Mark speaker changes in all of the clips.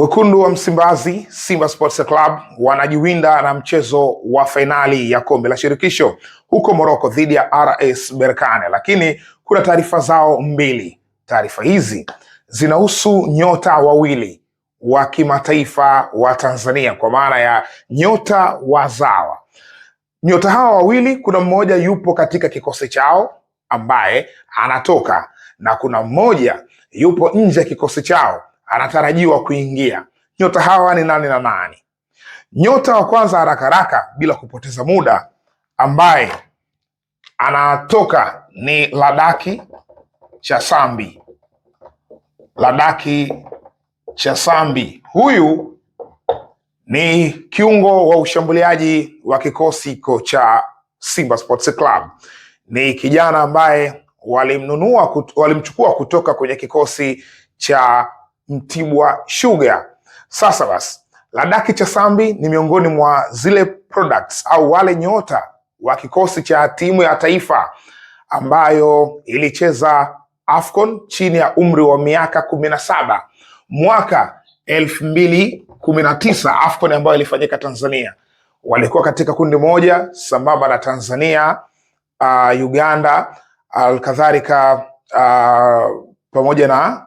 Speaker 1: Wekundu wa Msimbazi Simba Sports Club wanajiwinda na mchezo wa fainali ya kombe la shirikisho huko Morocco dhidi ya RS Berkane, lakini kuna taarifa zao mbili. Taarifa hizi zinahusu nyota wawili wa kimataifa wa Tanzania kwa maana ya nyota wazawa. Nyota hawa wawili, kuna mmoja yupo katika kikosi chao ambaye anatoka na kuna mmoja yupo nje ya kikosi chao anatarajiwa kuingia. Nyota hawa ni nani na nani? Nyota wa kwanza haraka haraka, bila kupoteza muda, ambaye anatoka ni Ladaki Chasambi. Ladaki Chasambi huyu ni kiungo wa ushambuliaji wa kikosi cha Simba Sports Club. Ni kijana ambaye walimnunua, walimchukua kutoka kwenye kikosi cha Mtibwa Sugar. Sasa basi, Ladaki Chasambi ni miongoni mwa zile products au wale nyota wa kikosi cha timu ya taifa ambayo ilicheza AFCON chini ya umri wa miaka kumi na saba mwaka elfu mbili kumi na tisa AFCON ambayo ilifanyika Tanzania. Walikuwa katika kundi moja sambamba na Tanzania, uh, Uganda alkadhalika uh, pamoja na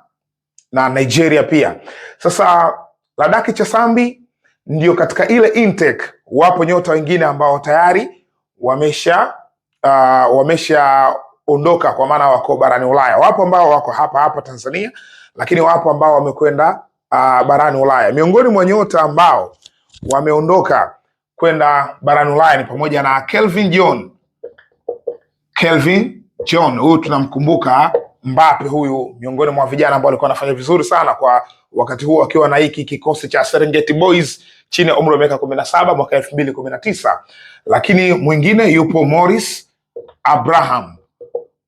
Speaker 1: na Nigeria pia. Sasa Ladaki Chasambi ndio katika ile intake, wapo nyota wengine ambao tayari wamesha uh, ah, wameshaondoka kwa maana wako barani Ulaya, wapo ambao wako hapa hapa Tanzania, lakini wapo ambao wamekwenda uh, barani Ulaya. Miongoni mwa nyota ambao wameondoka kwenda barani Ulaya ni pamoja na Kelvin John. Kelvin John huyu tunamkumbuka Mbappe huyu miongoni mwa vijana ambao alikuwa anafanya vizuri sana kwa wakati huo akiwa na hiki kikosi cha Serengeti Boys chini ya umri wa miaka kumi na saba mwaka elfu mbili kumi na tisa. Lakini mwingine yupo Morris Abraham.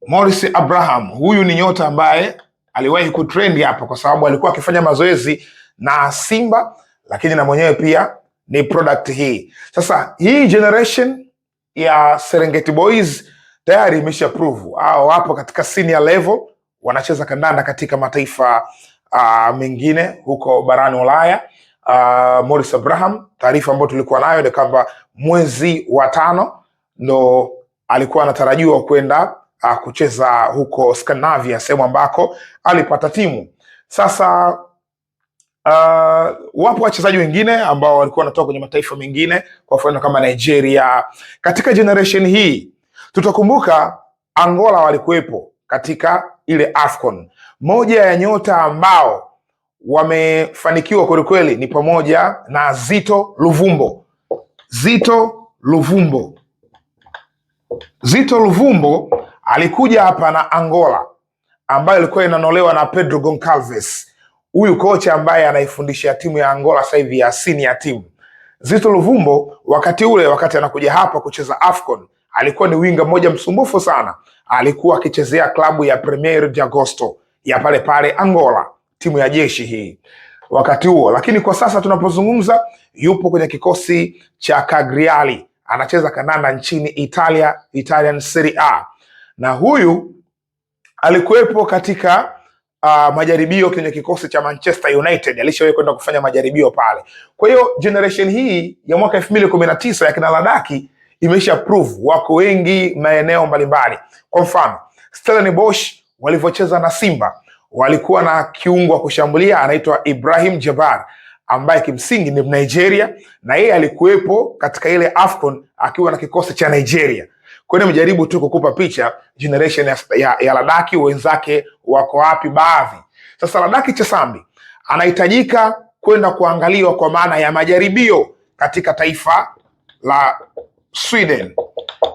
Speaker 1: Morris Abraham huyu ni nyota ambaye aliwahi kutrendi hapa kwa sababu alikuwa akifanya mazoezi na Simba, lakini na mwenyewe pia ni product hii. Sasa hii generation ya Serengeti Boys tayari imesha prove au wapo katika senior level, wanacheza kandanda katika mataifa uh, mengine huko barani Ulaya. Uh, Morris Abraham, taarifa ambayo tulikuwa nayo ni kwamba mwezi wa tano ndo alikuwa anatarajiwa kwenda uh, kucheza huko Scandinavia, sehemu ambako alipata timu. Sasa uh, wapo wachezaji wengine ambao walikuwa wanatoka kwenye mataifa mengine, kwa mfano kama Nigeria. Katika generation hii Tutakumbuka Angola walikuwepo katika ile AFCON. Moja ya nyota ambao wamefanikiwa kwelikweli ni pamoja na Zito Luvumbo. Zito Luvumbo, Zito Luvumbo alikuja hapa na Angola ambayo ilikuwa inanolewa na Pedro Goncalves, huyu kocha ambaye anaifundisha timu ya Angola sasa hivi ya senior team. Zito Luvumbo wakati ule, wakati anakuja hapa kucheza AFCON, alikuwa ni winga mmoja msumbufu sana, alikuwa akichezea klabu ya Premier de Agosto ya pale pale Angola, timu ya jeshi hii wakati huo, lakini kwa sasa tunapozungumza yupo kwenye kikosi cha Cagliari, anacheza kananda nchini Italia, Italian Serie A, na huyu alikuwepo katika uh, majaribio kwenye kikosi cha Manchester United, alishawahi kwenda kufanya majaribio pale. Kwa hiyo generation hii ya mwaka elfu mbili kumi na tisa ya kina Ladaki imesha prove wako wengi maeneo mbalimbali. Kwa mfano Stellenbosch walivyocheza na Simba walikuwa na kiungo wa kushambulia anaitwa Ibrahim Jabar ambaye kimsingi ni Nigeria na yeye alikuwepo katika ile AFCON akiwa na kikosi cha Nigeria. Kwa hiyo nimejaribu tu kukupa picha generation ya, ya, ya Ladaki wenzake wako wapi baadhi. Sasa Ladaki Chesambi anahitajika kwenda kuangaliwa kwa maana ya majaribio katika taifa la Sweden.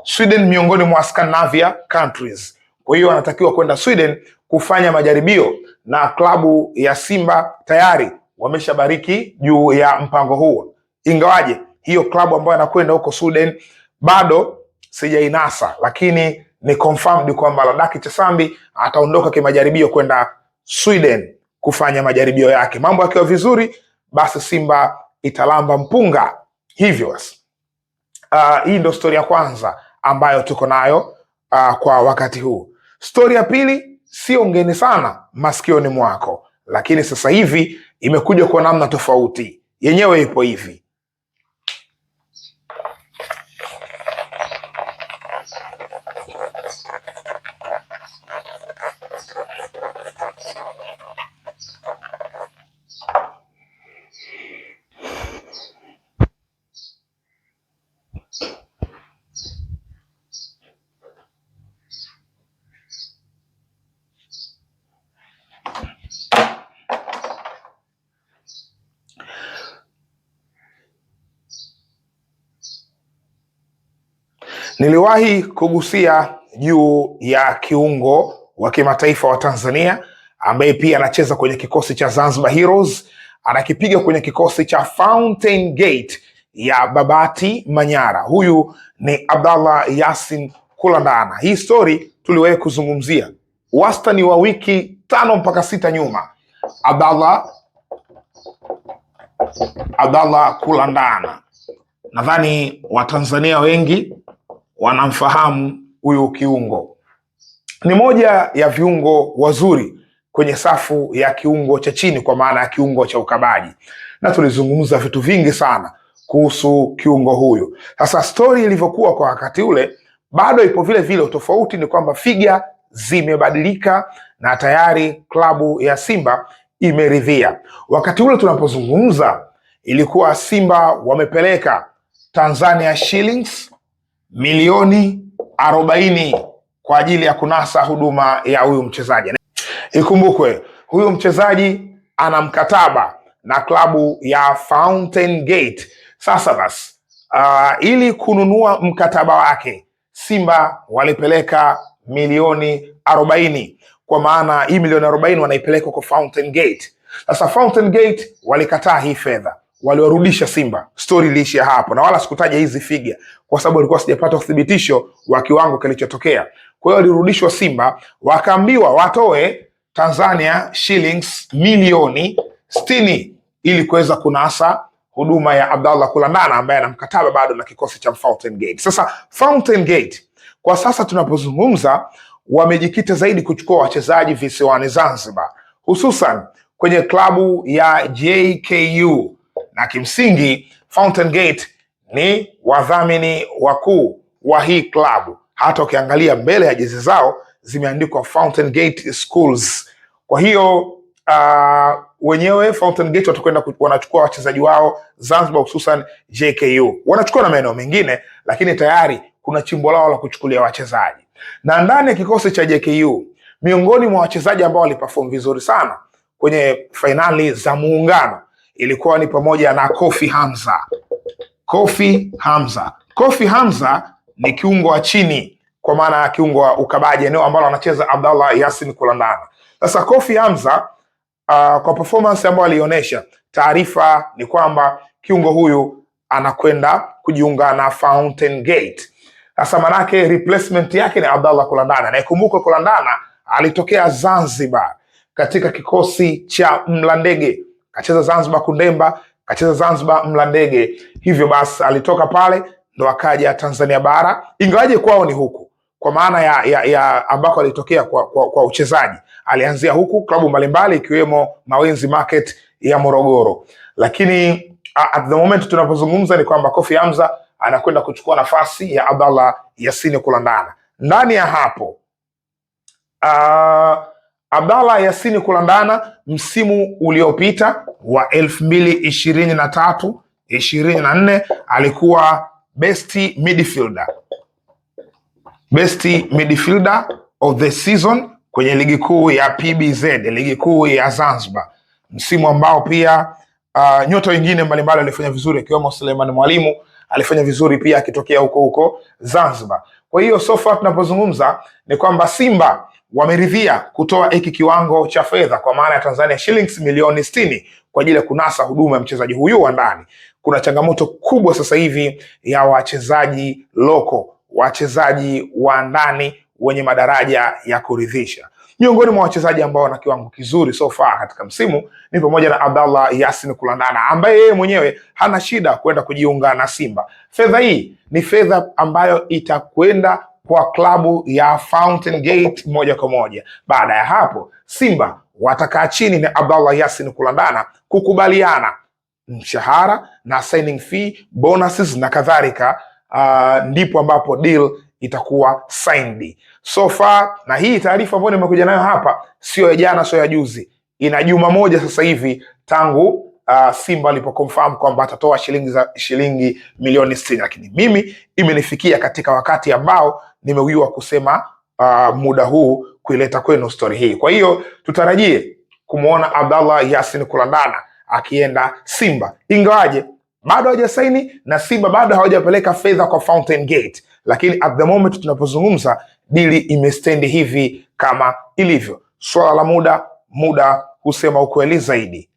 Speaker 1: Sweden miongoni mwa Scandinavia countries. Kwa hiyo anatakiwa kwenda Sweden kufanya majaribio, na klabu ya Simba tayari wameshabariki juu ya mpango huo, ingawaje hiyo klabu ambayo anakwenda huko Sweden bado sijainasa, lakini ni confirmed kwamba Ladaki Chasambi ataondoka kimajaribio kwenda Sweden kufanya majaribio yake. Mambo yakiwa vizuri, basi Simba italamba mpunga hivyo basi. Uh, hii ndo stori ya kwanza ambayo tuko nayo uh, kwa wakati huu. Stori ya pili sio ngeni sana masikioni mwako, lakini sasa hivi imekuja kwa namna tofauti, yenyewe ipo hivi. Niliwahi kugusia juu ya kiungo wa kimataifa wa Tanzania ambaye pia anacheza kwenye kikosi cha Zanzibar Heroes, anakipiga kwenye kikosi cha Fountain Gate ya Babati Manyara. Huyu ni Abdallah Yasin Kulandana. Hii stori tuliwahi kuzungumzia wastani wa wiki tano mpaka sita nyuma. Abdallah Abdallah Kulandana, nadhani Watanzania wengi wanamfahamu huyu kiungo. Ni moja ya viungo wazuri kwenye safu ya kiungo cha chini, kwa maana ya kiungo cha ukabaji, na tulizungumza vitu vingi sana kuhusu kiungo huyu. Sasa stori ilivyokuwa kwa wakati ule bado ipo vile vile, utofauti ni kwamba figa zimebadilika na tayari klabu ya Simba imeridhia. Wakati ule tunapozungumza, ilikuwa Simba wamepeleka Tanzania shillings milioni arobaini kwa ajili ya kunasa huduma ya huyu mchezaji. Ikumbukwe huyu mchezaji ana mkataba na klabu ya Fountain Gate. Sasa basi, uh, ili kununua mkataba wake Simba walipeleka milioni arobaini kwa maana hii milioni arobaini wanaipeleka kwa Fountain Gate. Sasa Fountain Gate walikataa hii fedha, waliwarudisha Simba. Stori iliishia hapo, na wala sikutaja hizi figa kwa sababu walikuwa sijapata uthibitisho wa kiwango kilichotokea. Kwa hiyo walirudishwa Simba, wakaambiwa watoe Tanzania shillings milioni sitini ili kuweza kunasa huduma ya Abdallah Kulandana ambaye ana mkataba bado na kikosi cha Fountain Gate. Sasa Fountain Gate kwa sasa tunapozungumza, wamejikita zaidi kuchukua wachezaji visiwani Zanzibar, hususan kwenye klabu ya JKU na kimsingi Fountain Gate ni wadhamini wakuu wa hii klabu. Hata ukiangalia mbele ya jezi zao zimeandikwa Fountain Gate Schools. Kwa hiyo uh, wenyewe Fountain Gate watakwenda wanachukua wachezaji wao Zanzibar, hususan JKU, wanachukua na maeneo mengine, lakini tayari kuna chimbo lao la kuchukulia wachezaji. Na ndani ya kikosi cha JKU, miongoni mwa wachezaji ambao waliperform vizuri sana kwenye fainali za muungano ilikuwa ni pamoja na Kofi Hamza. Kofi Hamza, Kofi Hamza ni kiungo wa chini kwa maana ya kiungo wa ukabaji, eneo ambalo anacheza Abdallah Yasin Kulandana. Sasa Kofi Hamza uh, kwa performance ambayo alionyesha, taarifa ni kwamba kiungo huyu anakwenda kujiunga na Fountain Gate. Sasa manake replacement yake ni Abdallah Kulandana, na ikumbukwe Kulandana alitokea Zanzibar katika kikosi cha Mlandege kacheza Zanzibar Kundemba, kacheza Zanzibar Mlandege. Hivyo basi alitoka pale ndo akaja Tanzania Bara, ingawaje kwao ni huku kwa maana ya, ya, ya ambako alitokea kwa, kwa, kwa uchezaji. Alianzia huku klabu mbalimbali ikiwemo Mawenzi Market ya Morogoro, lakini at the moment tunapozungumza ni kwamba Kofi Hamza anakwenda kuchukua nafasi ya Abdallah Yasini Kulandana. Ndani ya hapo uh, Abdallah Yasini kulandana msimu uliopita wa elfu mbili ishirini na tatu ishirini na nne alikuwa best midfielder, best midfielder of the season kwenye ligi kuu ya PBZ, ligi kuu ya Zanzibar, msimu ambao pia uh, nyota wengine mbalimbali walifanya vizuri akiwemo Suleiman Mwalimu alifanya vizuri pia akitokea huko huko Zanzibar. Kwa hiyo sofa tunapozungumza ni kwamba Simba wameridhia kutoa hiki kiwango cha fedha kwa maana ya Tanzania shillings milioni sitini kwa ajili ya kunasa huduma ya mchezaji huyu wa ndani. Kuna changamoto kubwa sasa hivi ya wachezaji loko, wachezaji wa ndani wenye madaraja ya kuridhisha. Miongoni mwa wachezaji ambao wana kiwango kizuri so far katika msimu ni pamoja na Abdallah Yasin Kulandana ambaye yeye mwenyewe hana shida kwenda kujiunga na Simba. Fedha hii ni fedha ambayo itakwenda kwa klabu ya Fountain Gate moja kwa moja. Baada ya hapo, Simba watakaa chini na Abdallah Yasin kulandana kukubaliana mshahara na signing fee, bonuses na kadhalika. Uh, ndipo ambapo deal itakuwa signed. So far na hii taarifa ambayo nimekuja nayo hapa sio ya jana, sio ya juzi, ina juma moja sasa hivi tangu Uh, Simba alipokonfirm kwamba atatoa shilingi za shilingi milioni 60, lakini mimi imenifikia katika wakati ambao nimewiwa kusema uh, muda huu kuileta kwenu stori hii. Kwa hiyo tutarajie kumwona Abdallah Yasin Kulandana akienda Simba, ingawaje bado hawajasaini na Simba bado hawajapeleka fedha kwa Fountain Gate, lakini at the moment tunapozungumza dili imestendi hivi kama ilivyo. Swala la muda, muda husema ukweli zaidi.